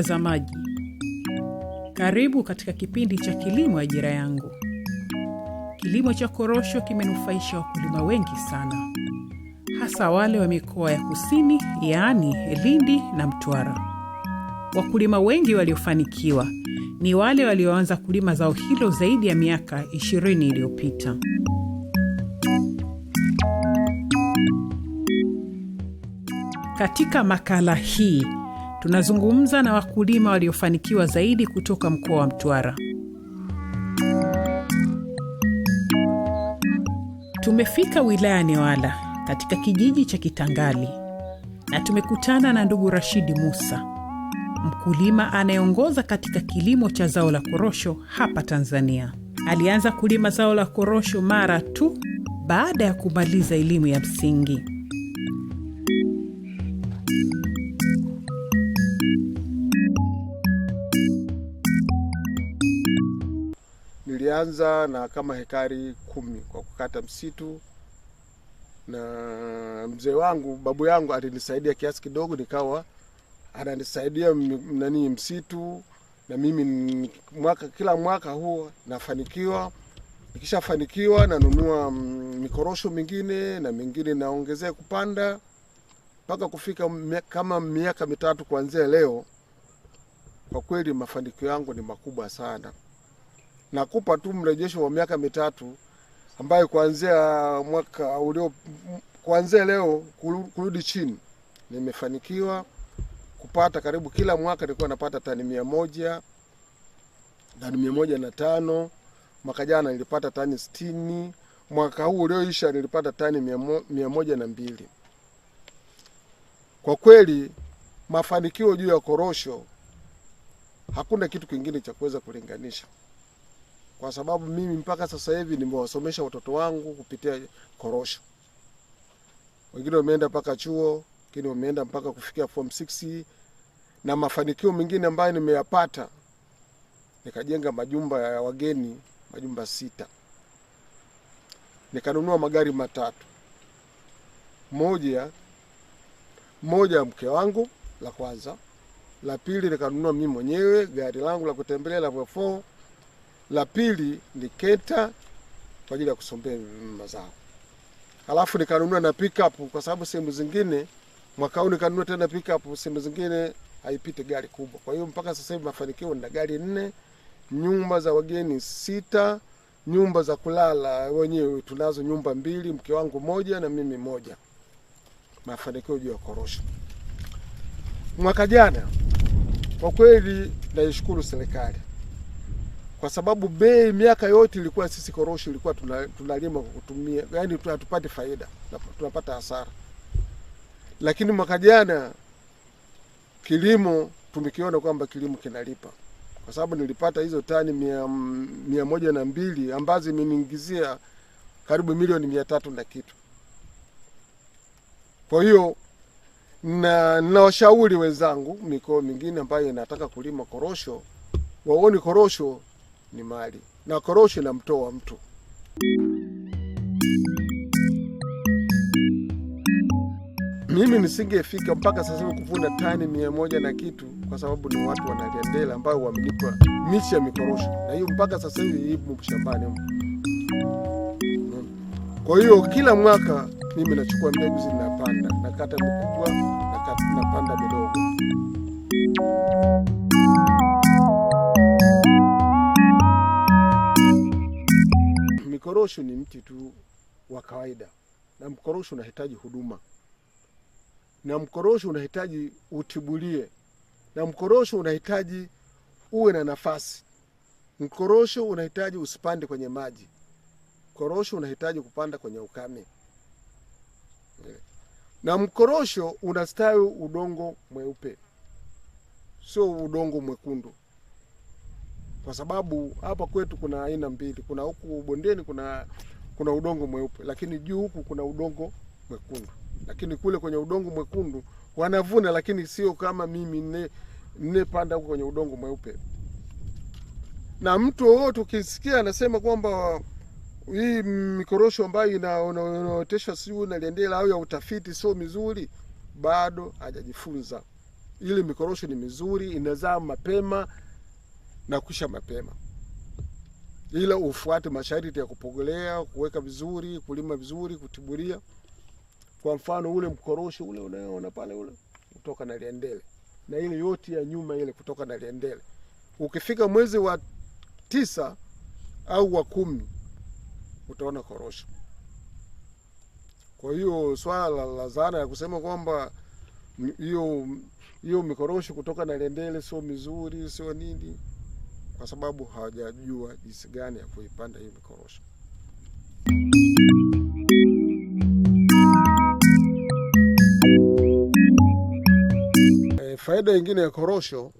mtazamaji, karibu katika kipindi cha Kilimo Ajira Yangu. Kilimo cha korosho kimenufaisha wakulima wengi sana, hasa wale wa mikoa ya kusini, yaani Lindi na Mtwara. Wakulima wengi waliofanikiwa ni wale walioanza kulima zao hilo zaidi ya miaka 20 iliyopita. Katika makala hii Tunazungumza na wakulima waliofanikiwa zaidi kutoka mkoa wa Mtwara. Tumefika wilaya Newala katika kijiji cha Kitangali na tumekutana na ndugu Rashidi Musa, mkulima anayeongoza katika kilimo cha zao la korosho hapa Tanzania. Alianza kulima zao la korosho mara tu baada ya kumaliza elimu ya msingi. Tulianza na kama hekari kumi kwa kukata msitu, na mzee wangu babu yangu alinisaidia kiasi kidogo, nikawa ananisaidia nani msitu, na mimi mwaka kila mwaka huo nafanikiwa. Nikishafanikiwa nanunua mikorosho mingine na mingine naongezea kupanda mpaka kufika mia, kama miaka mitatu kuanzia leo. Kwa kweli mafanikio yangu ni makubwa sana nakupa tu mrejesho wa miaka mitatu ambayo kuanzia mwaka ulio kuanzia leo kurudi chini nimefanikiwa kupata karibu kila mwaka nilikuwa napata tani mia moja tani mia moja na tano mwaka jana nilipata tani sitini mwaka huu ulioisha nilipata tani mia, mo, mia moja na mbili kwa kweli mafanikio juu ya korosho hakuna kitu kingine cha kuweza kulinganisha kwa sababu mimi mpaka sasa hivi nimewasomesha watoto wangu kupitia korosho. Wengine wameenda mpaka chuo, wengine wameenda mpaka kufikia form 6 na mafanikio mengine ambayo nimeyapata, nikajenga majumba ya wageni majumba sita, nikanunua magari matatu, moja moja ya mke wangu la kwanza, la pili nikanunua mimi mwenyewe gari langu la kutembelea la 4 la pili ni keta kwa ajili ya kusombea mazao, halafu nikanunua na pickup kwa sababu sehemu zingine mwaka huu nikanunua tena pickup, sehemu zingine haipite gari kubwa. Kwa hiyo mpaka sasa hivi mafanikio nina gari nne, nyumba za wageni sita, nyumba za kulala wenyewe tunazo nyumba mbili, mke wangu moja na mimi moja. Mafanikio juu ya korosho mwaka jana, kwa kweli naishukuru serikali kwa sababu bei miaka yote ilikuwa sisi korosho ilikuwa tunalima kwa kutumia, yani hatupati faida, tunapata hasara. Lakini mwaka jana kilimo tumekiona kwamba kilimo kinalipa, kwa sababu nilipata hizo tani mia, mia moja na mbili ambazo imeniingizia karibu milioni mia tatu na kitu. Kwa hiyo na nawashauri wenzangu mikoa mingine ambayo inataka kulima korosho waone korosho ni mali na korosho mtoa mtu. Mimi nisingefika mpaka sasa hivi kuvuna tani mia moja na kitu, kwa sababu ni watu wanaliendela ambao wamenipa miche ya mikorosho, na hiyo mpaka sasa hivi ipo shambani. Kwa hiyo kila mwaka mimi nachukua mbegu zinapanda, nakata mikubwa, napanda midogo. Mikorosho ni mti tu wa kawaida, na mkorosho unahitaji huduma, na mkorosho unahitaji utibulie, na mkorosho unahitaji uwe na nafasi. Mkorosho unahitaji usipande kwenye maji. Mkorosho unahitaji kupanda kwenye ukame, na mkorosho unastawi udongo mweupe, sio udongo mwekundu kwa sababu hapa kwetu kuna aina mbili, kuna huku bondeni kuna kuna udongo mweupe, lakini juu huku kuna udongo mwekundu, lakini kule kwenye udongo mwekundu wanavuna, lakini sio kama mimi nne nne panda huko kwenye udongo mweupe. Na mtu wowote ukisikia anasema kwamba hii mikorosho ambayo inaoteshwa sijui na au ya utafiti sio mizuri, bado hajajifunza. Ili mikorosho ni mizuri, inazaa mapema na kusha mapema, ila ufuate masharti ya kupogolea, kuweka vizuri, kulima vizuri, kutiburia. Kwa mfano ule mkoroshi ule unaona pale ule kutoka na liendele na ile yote ya nyuma ile kutoka na liendele, ukifika mwezi wa tisa au wa kumi utaona korosho. Kwa hiyo swala la zana ya kusema kwamba hiyo hiyo mikorosho kutoka na liendele sio mizuri sio nini kwa sababu hawajajua jinsi gani ya kuipanda hiyo mikorosho. E, faida nyingine ya korosho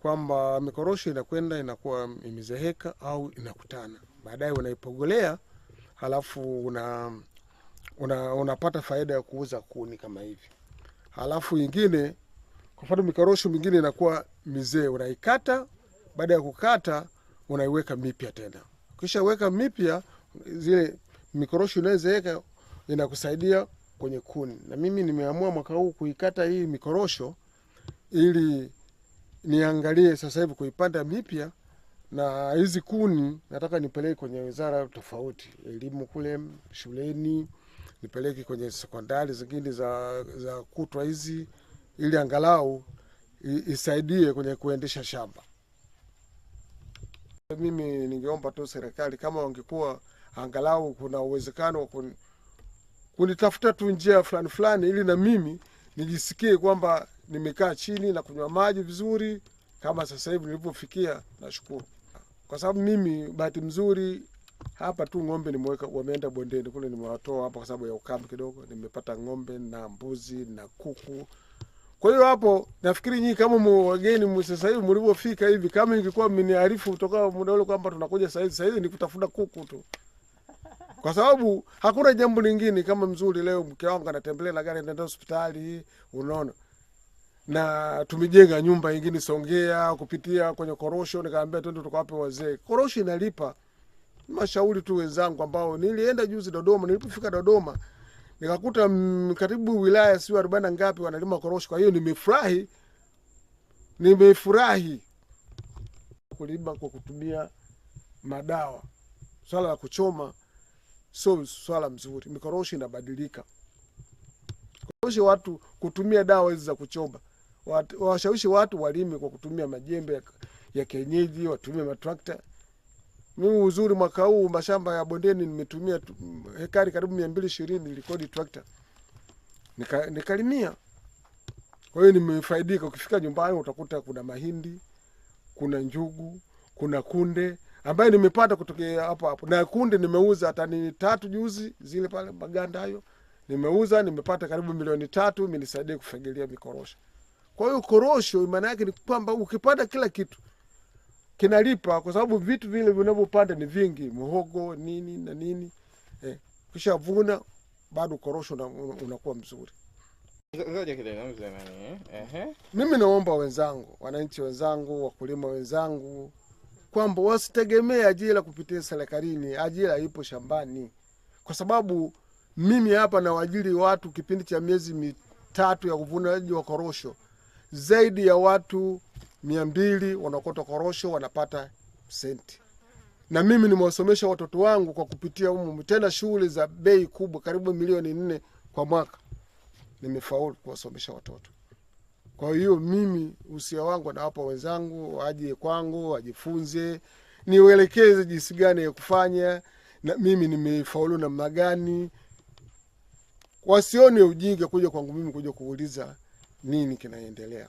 kwamba mikorosho inakwenda inakuwa imezeheka au inakutana, baadaye unaipogolea halafu una, una, unapata faida ya kuuza kuni kama hivi. Halafu ingine, kwa mfano mikorosho mingine inakuwa mizee, unaikata baada ya kukata, unaiweka mipya tena. Kisha weka mipya, zile mikoroshi unazoziweka inakusaidia kwenye kuni. Na mimi nimeamua mwaka huu kuikata hii mikorosho ili niangalie sasa hivi kuipanda mipya na hizi kuni nataka nipeleke kwenye wizara tofauti, elimu kule shuleni, nipeleke kwenye sekondari zingine za, za kutwa hizi, ili angalau isaidie kwenye kuendesha shamba. Mimi ningeomba tu serikali kama wangekuwa angalau kuna uwezekano wa kun, kunitafuta tu njia fulani fulani, ili na mimi nijisikie kwamba nimekaa chini na kunywa maji vizuri kama sasa hivi nilivyofikia. Nashukuru kwa sababu mimi bahati mzuri hapa tu ng'ombe nimeweka, wameenda bondeni kule, nimewatoa hapa kwa sababu ya ukame kidogo. Nimepata ng'ombe na mbuzi na kuku. Kwa hiyo hapo nafikiri nyinyi kama wageni sasa hivi mlivyofika hivi, kama ingekuwa mmeniarifu kutoka muda ule kwamba tunakuja sasa hivi, sasa hivi ni kutafuna kuku tu, kwa sababu hakuna jambo lingine kama mzuri. Leo mke wangu anatembelea na gari naenda hospitali, unaona, na tumejenga nyumba ingine Songea kupitia kwenye korosho. Nikaambia twende tukawape wazee, korosho inalipa. Mashauri tu wenzangu ambao nilienda juzi Dodoma, nilipofika Dodoma nikakuta karibu wilaya siu arobaini na ngapi wanalima korosho. Kwa hiyo nimefurahi, nimefurahi kulima kwa kutumia madawa. Swala la kuchoma sio swala mzuri, mikorosho inabadilika. Korosho watu kutumia dawa hizi za kuchoma, washawishi watu walime kwa kutumia majembe ya kienyeji, watumie matrakta. Mimi uzuri mwaka huu mashamba ya bondeni nimetumia hekari karibu mia mbili ishirini trakta nika, nikalimia. Kwa hiyo nimefaidika. Ukifika nyumbani utakuta kuna mahindi, kuna njugu, kuna kunde ambayo nimepata kutokea hapo hapo, na kunde nimeuza tani tatu juzi, zile pale maganda hayo nimeuza, nimepata karibu milioni tatu, imenisaidia kufagilia mikorosho. Kwa hiyo korosho maana yake ni kwamba ukipata kila kitu kinalipa kwa sababu vitu vile vinavyopanda ni vingi, mhogo nini na nini eh. Kisha vuna bado korosho unakuwa mzuri. Eh? Mimi naomba wenzangu, wananchi wenzangu, wakulima wenzangu kwamba wasitegemee ajira kupitia serikalini. Ajira ipo shambani, kwa sababu mimi hapa nawaajiri watu kipindi cha miezi mitatu ya uvunaji wa korosho zaidi ya watu mia mbili wanaokota korosho wanapata senti, na mimi nimewasomesha watoto wangu kwa kupitia umu tena shughuli za bei kubwa, karibu milioni nne kwa mwaka nimefaulu kuwasomesha watoto. Kwa hiyo mimi usia wangu nawapa wenzangu waje kwangu wajifunze, niwelekeze jinsi gani ya kufanya na mimi nimefaulu namna gani, wasione ujinga kuja kwangu mimi kuja kuuliza nini kinaendelea.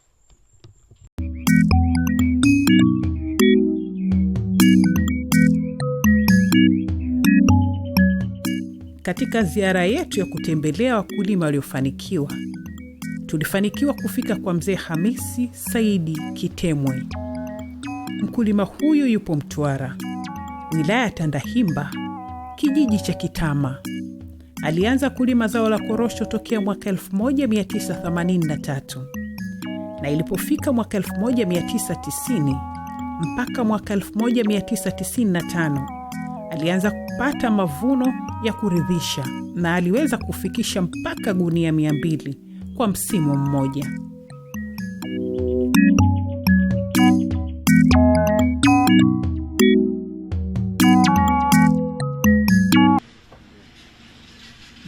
Katika ziara yetu ya kutembelea wakulima waliofanikiwa, tulifanikiwa kufika kwa mzee Hamisi Saidi Kitemwe. Mkulima huyu yupo Mtwara, wilaya ya Tandahimba, kijiji cha Kitama. Alianza kulima zao la korosho tokea mwaka 1983 na ilipofika mwaka 1990 mpaka mwaka 1995 alianza kupata mavuno ya kuridhisha na aliweza kufikisha mpaka gunia mbili kwa msimu mmoja.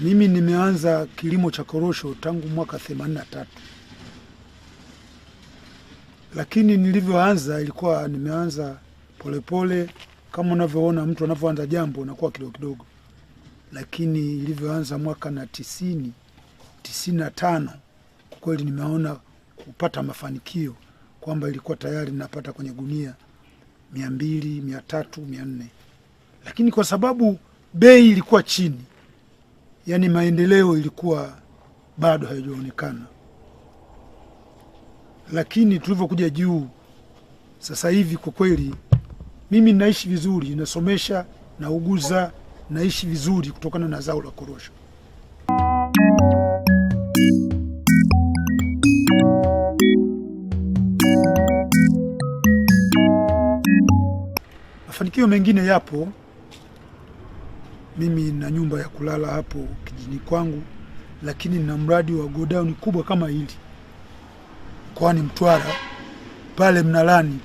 Mimi nimeanza kilimo cha korosho tangu mwaka 83 lakini nilivyoanza ilikuwa nimeanza polepole pole, kama unavyoona mtu anavyoanza jambo nakuwa kidogo kidogo lakini ilivyoanza mwaka na tisini tisini na tano kwa kweli nimeona kupata mafanikio kwamba ilikuwa tayari napata kwenye gunia mia mbili mia tatu mia nne lakini kwa sababu bei ilikuwa chini, yaani maendeleo ilikuwa bado hayajaonekana. Lakini tulivyokuja juu sasa hivi, kwa kweli mimi naishi vizuri, nasomesha, nauguza naishi vizuri kutokana na zao la korosho. Mafanikio mengine yapo. Mimi na nyumba ya kulala hapo kijijini kwangu, lakini na mradi wa godown kubwa kama hili mkoani Mtwara pale Mnalani,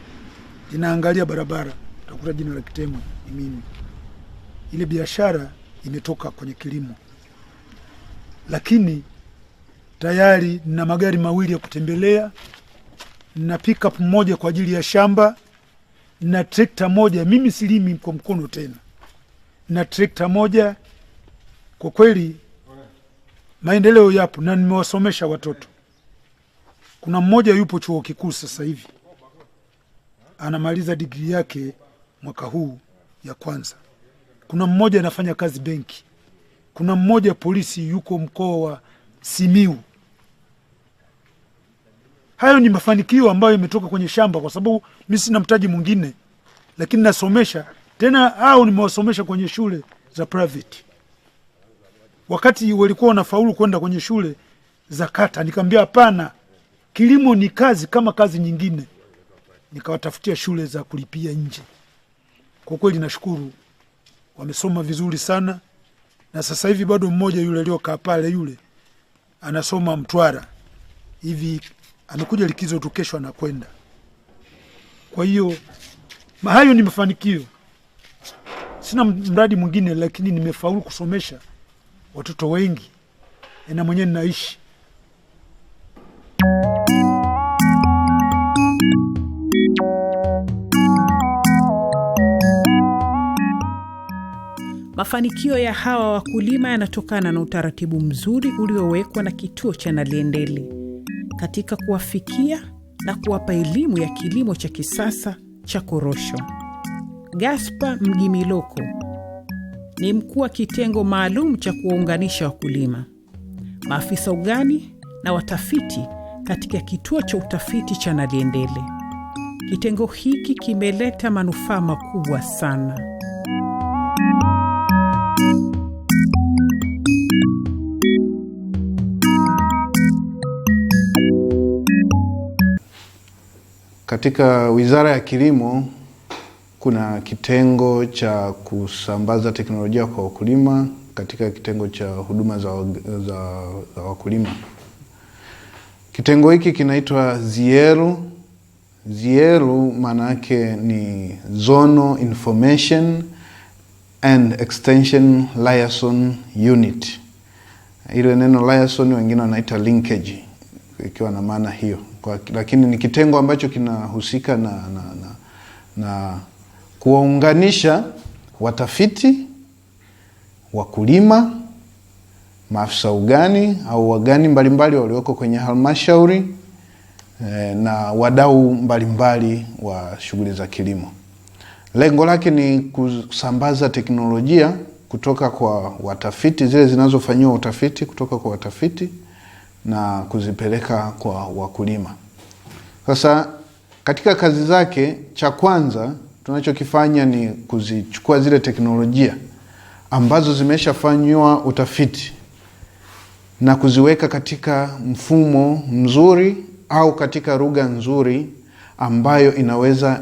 linaangalia barabara, utakuta jina la Kitemwe ni mimi ile biashara imetoka kwenye kilimo, lakini tayari na magari mawili ya kutembelea na pickup moja kwa ajili ya shamba na trekta moja. Mimi silimi kwa mkono tena, na trekta moja. Kwa kweli maendeleo yapo, na nimewasomesha watoto. Kuna mmoja yupo chuo kikuu sasa hivi anamaliza digrii yake mwaka huu ya kwanza kuna mmoja anafanya kazi benki, kuna mmoja polisi yuko mkoa wa Simiu. Hayo ni mafanikio ambayo imetoka kwenye shamba, kwa sababu mi sina mtaji mwingine, lakini nasomesha tena au nimewasomesha kwenye shule za private. Wakati walikuwa wanafaulu kwenda kwenye shule za kata, nikamwambia hapana, kilimo ni kazi kama kazi nyingine, nikawatafutia shule za kulipia nje. Kwa kweli nashukuru wamesoma vizuri sana, na sasa hivi bado mmoja yule aliyokaa pale yule anasoma Mtwara hivi, amekuja likizo tu, kesho anakwenda. Kwa hiyo hayo ni mafanikio. Sina mradi mwingine, lakini nimefaulu kusomesha watoto wengi na mwenyewe ninaishi Mafanikio ya hawa wakulima yanatokana na utaratibu mzuri uliowekwa na kituo cha Naliendele katika kuwafikia na kuwapa elimu ya kilimo cha kisasa cha korosho. Gaspa Mgimiloko ni mkuu wa kitengo maalum cha kuwaunganisha wakulima, maafisa ugani na watafiti katika kituo cha utafiti cha Naliendele. Kitengo hiki kimeleta manufaa makubwa sana. Katika Wizara ya Kilimo kuna kitengo cha kusambaza teknolojia kwa wakulima katika kitengo cha huduma za, za, za wakulima. Kitengo hiki kinaitwa ZIERU. ZIERU maana yake ni Zonal Information and Extension Liaison Unit. Ile neno liaison wengine wanaita linkage ikiwa na maana hiyo kwa, lakini ni kitengo ambacho kinahusika na, na, na, na kuwaunganisha watafiti, wakulima, maafisa ugani au wagani mbalimbali walioko kwenye halmashauri eh, na wadau mbalimbali wa shughuli za kilimo. Lengo lake ni kusambaza teknolojia kutoka kwa watafiti, zile zinazofanyiwa utafiti kutoka kwa watafiti na kuzipeleka kwa wakulima. Sasa katika kazi zake, cha kwanza tunachokifanya ni kuzichukua zile teknolojia ambazo zimeshafanywa utafiti na kuziweka katika mfumo mzuri au katika lugha nzuri ambayo inaweza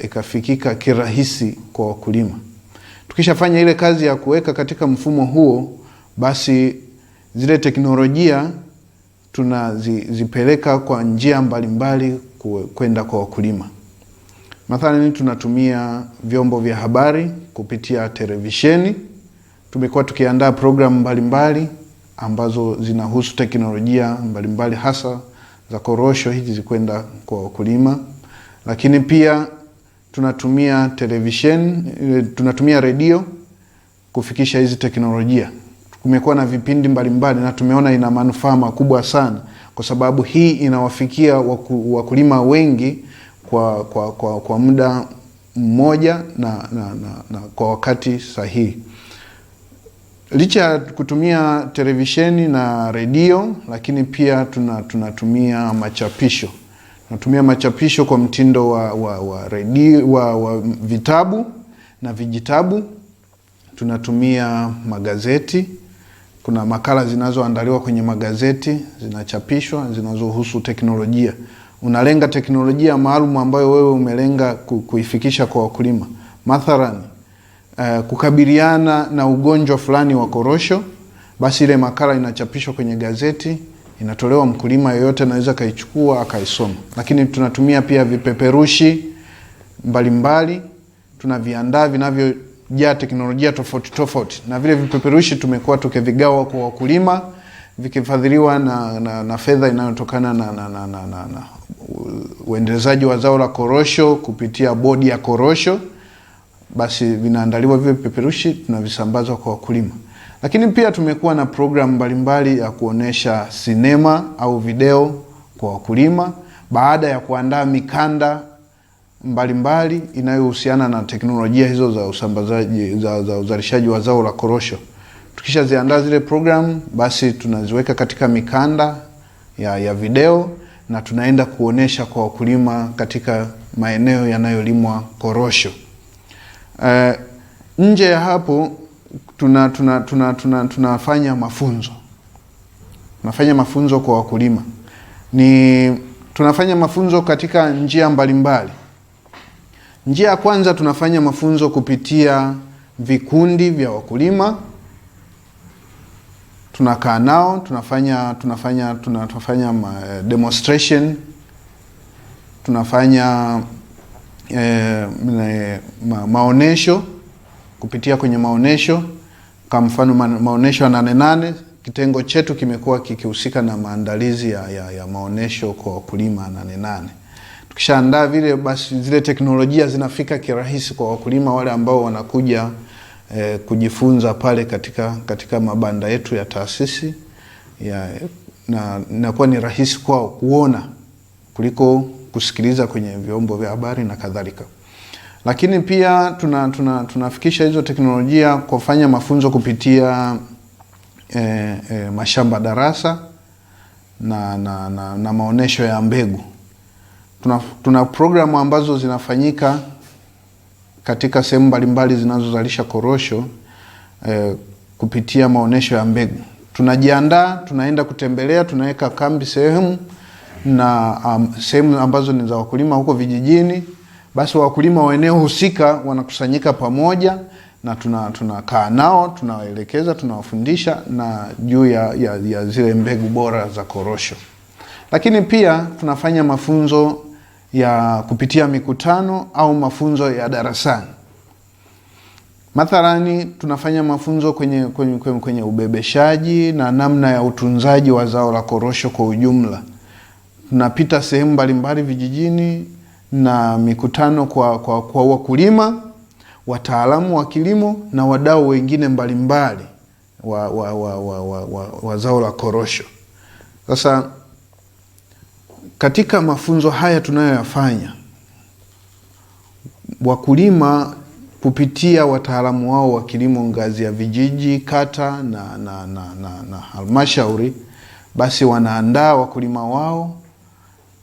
ikafikika ika, ika kirahisi kwa wakulima. Tukishafanya ile kazi ya kuweka katika mfumo huo, basi zile teknolojia tunazipeleka kwa njia mbalimbali kwenda kwa wakulima. Mathalani, tunatumia vyombo vya habari kupitia televisheni. Tumekuwa tukiandaa programu mbalimbali ambazo zinahusu teknolojia mbalimbali mbali hasa za korosho hizi zikwenda kwa wakulima, lakini pia tunatumia televisheni, eh, tunatumia redio kufikisha hizi teknolojia kumekuwa na vipindi mbalimbali mbali, na tumeona ina manufaa makubwa sana, kwa sababu hii inawafikia waku, wakulima wengi kwa, kwa, kwa, kwa muda mmoja na, na, na, na kwa wakati sahihi. Licha ya kutumia televisheni na redio, lakini pia tuna, tunatumia machapisho tunatumia machapisho kwa mtindo wa, wa, wa, redio, wa, wa vitabu na vijitabu, tunatumia magazeti kuna makala zinazoandaliwa kwenye magazeti zinachapishwa, zinazohusu teknolojia. Unalenga teknolojia maalum ambayo wewe umelenga kuifikisha kwa wakulima, mathalan uh, kukabiliana na ugonjwa fulani wa korosho, basi ile makala inachapishwa kwenye gazeti inatolewa, mkulima yoyote anaweza akaichukua akaisoma. Lakini tunatumia pia vipeperushi mbalimbali, tunaviandaa vinavyo vimejaa teknolojia tofauti tofauti, na vile vipeperushi tumekuwa tukivigawa kwa wakulima vikifadhiliwa na, na, na fedha inayotokana na, na, na, na, na uendelezaji wa zao la korosho kupitia bodi ya korosho. Basi vinaandaliwa vile vipeperushi tunavisambaza kwa wakulima, lakini pia tumekuwa na programu mbalimbali ya kuonyesha sinema au video kwa wakulima baada ya kuandaa mikanda mbalimbali inayohusiana na teknolojia hizo za usambazaji za, za uzalishaji wa zao la korosho. Tukishaziandaa zile programu, basi tunaziweka katika mikanda ya, ya video na tunaenda kuonesha kwa wakulima katika maeneo yanayolimwa korosho. Uh, nje ya hapo tuna tunafanya tuna, tuna, tuna, tuna mafunzo tunafanya mafunzo kwa wakulima, ni tunafanya mafunzo katika njia mbalimbali mbali. Njia ya kwanza tunafanya mafunzo kupitia vikundi vya wakulima, tunakaa nao tunafanya tunafanya tunafanya eh, demonstration, tunafanya eh, eh, ma, maonesho kupitia kwenye maonesho. kwa mfano maonesho ya Nane Nane, kitengo chetu kimekuwa kikihusika na maandalizi ya, ya, ya maonesho kwa wakulima Nane Nane kishaandaa vile, basi zile teknolojia zinafika kirahisi kwa wakulima wale ambao wanakuja e, kujifunza pale katika, katika mabanda yetu ya taasisi ya, na inakuwa ni rahisi kwao kuona kuliko kusikiliza kwenye vyombo vya habari na kadhalika. Lakini pia tuna, tuna, tunafikisha hizo teknolojia kufanya mafunzo kupitia e, e, mashamba darasa na, na, na, na maonyesho ya mbegu tuna, tuna programu ambazo zinafanyika katika sehemu mbalimbali zinazozalisha korosho eh, kupitia maonesho ya mbegu. Tunajiandaa, tunaenda kutembelea, tunaweka kambi sehemu na um, sehemu ambazo ni za wakulima huko vijijini. Basi wakulima wa eneo husika wanakusanyika pamoja na tunakaa tuna nao, tunawaelekeza, tunawafundisha na juu ya, ya, ya zile mbegu bora za korosho, lakini pia tunafanya mafunzo ya kupitia mikutano au mafunzo ya darasani. Mathalani tunafanya mafunzo kwenye, kwenye, kwenye, kwenye ubebeshaji na namna ya utunzaji wa zao la korosho kwa ujumla. Tunapita sehemu mbalimbali vijijini na mikutano kwa, kwa, kwa wakulima, wataalamu wa kilimo na wadau wengine mbalimbali wa, wa, wa, wa, wa, wa, wa zao la korosho. Sasa katika mafunzo haya tunayoyafanya, wakulima kupitia wataalamu wao wa kilimo ngazi ya vijiji, kata na, na, na, na, na halmashauri, basi wanaandaa wakulima wao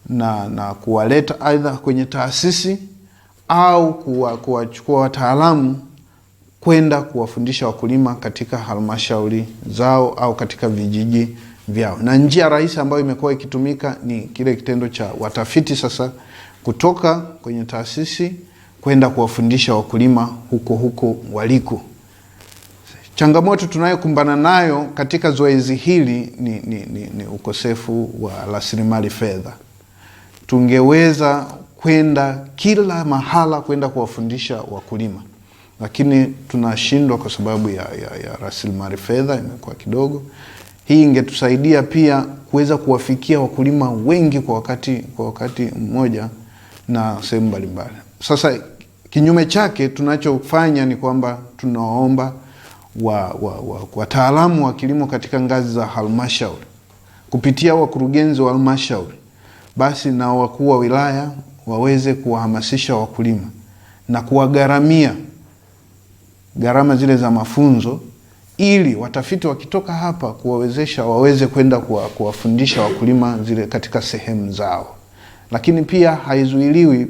na, na kuwaleta aidha kwenye taasisi au kuwachukua kuwa wataalamu kwenda kuwafundisha wakulima katika halmashauri zao au katika vijiji vyao, na njia rahisi ambayo imekuwa ikitumika ni kile kitendo cha watafiti sasa kutoka kwenye taasisi kwenda kuwafundisha wakulima huko huko waliko. Changamoto tunayokumbana nayo katika zoezi hili ni, ni, ni, ni ukosefu wa rasilimali fedha. Tungeweza kwenda kila mahala kwenda kuwafundisha wakulima, lakini tunashindwa kwa sababu ya, ya, ya rasilimali fedha imekuwa kidogo. Hii ingetusaidia pia kuweza kuwafikia wakulima wengi kwa wakati, kwa wakati mmoja na sehemu mbalimbali. Sasa kinyume chake tunachofanya ni kwamba tunawaomba wataalamu wa, wa, wa, wa kilimo katika ngazi za halmashauri kupitia wakurugenzi wa halmashauri basi na wakuu wa wilaya waweze kuwahamasisha wakulima na kuwagharamia gharama zile za mafunzo ili watafiti wakitoka hapa kuwawezesha waweze kwenda kuwafundisha wakulima zile katika sehemu zao, lakini pia haizuiliwi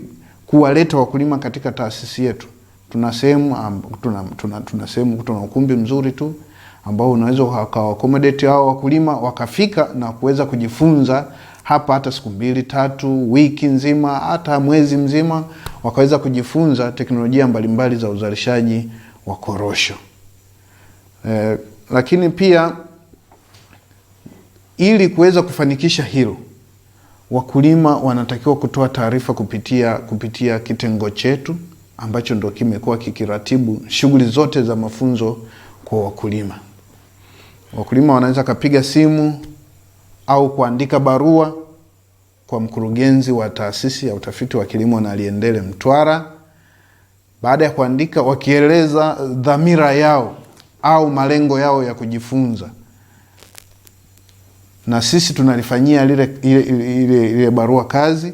kuwaleta wakulima katika taasisi yetu. Tuna sehemu tuna, tuna, tuna, sehemu, tuna ukumbi mzuri tu ambao unaweza ukawakomodeti hao wakulima wakafika na kuweza kujifunza hapa hata siku mbili tatu, wiki nzima, hata mwezi mzima, wakaweza kujifunza teknolojia mbalimbali za uzalishaji wa korosho. E, lakini pia ili kuweza kufanikisha hilo wakulima wanatakiwa kutoa taarifa kupitia, kupitia kitengo chetu ambacho ndo kimekuwa kikiratibu shughuli zote za mafunzo kwa wakulima. Wakulima wanaweza kapiga simu au kuandika barua kwa mkurugenzi wa taasisi ya utafiti wa kilimo na Aliendele Mtwara. Baada ya kuandika, wakieleza dhamira yao au malengo yao ya kujifunza, na sisi tunalifanyia lile, ile, lile, lile barua kazi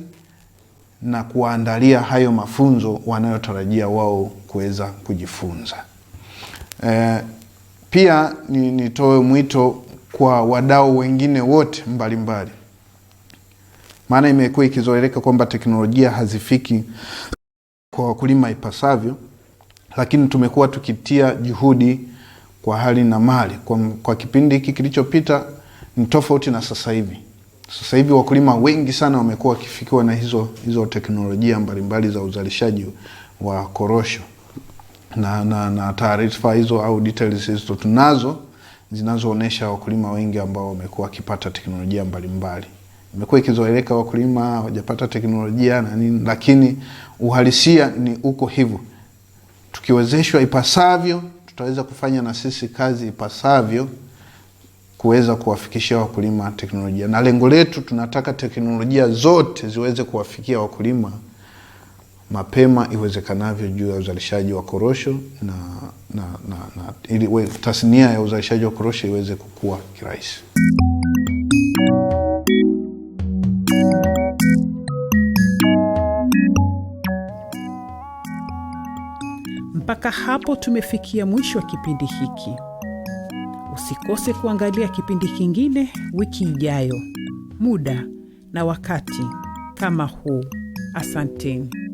na kuwaandalia hayo mafunzo wanayotarajia wao kuweza kujifunza. E, pia nitoe mwito kwa wadau wengine wote mbalimbali, maana imekuwa ikizoeleka kwamba teknolojia hazifiki kwa wakulima ipasavyo, lakini tumekuwa tukitia juhudi kwa hali na mali kwa, kwa kipindi hiki kilichopita ni tofauti na sasa hivi. Sasa hivi wakulima wengi sana wamekuwa wakifikiwa na hizo, hizo teknolojia mbalimbali za uzalishaji wa korosho na, na, na taarifa hizo au details hizo tunazo zinazoonyesha wakulima wengi ambao wamekuwa wakipata teknolojia mbalimbali. Imekuwa ikizoeleka wakulima wajapata teknolojia na nini, lakini uhalisia ni uko hivyo. Tukiwezeshwa ipasavyo tutaweza kufanya na sisi kazi ipasavyo kuweza kuwafikishia wakulima teknolojia, na lengo letu tunataka teknolojia zote ziweze kuwafikia wakulima mapema iwezekanavyo juu ya uzalishaji wa korosho na, na, na, na ili tasnia ya uzalishaji wa korosho iweze kukua kirahisi. Mpaka hapo tumefikia mwisho wa kipindi hiki. Usikose kuangalia kipindi kingine wiki ijayo, muda na wakati kama huu. Asanteni.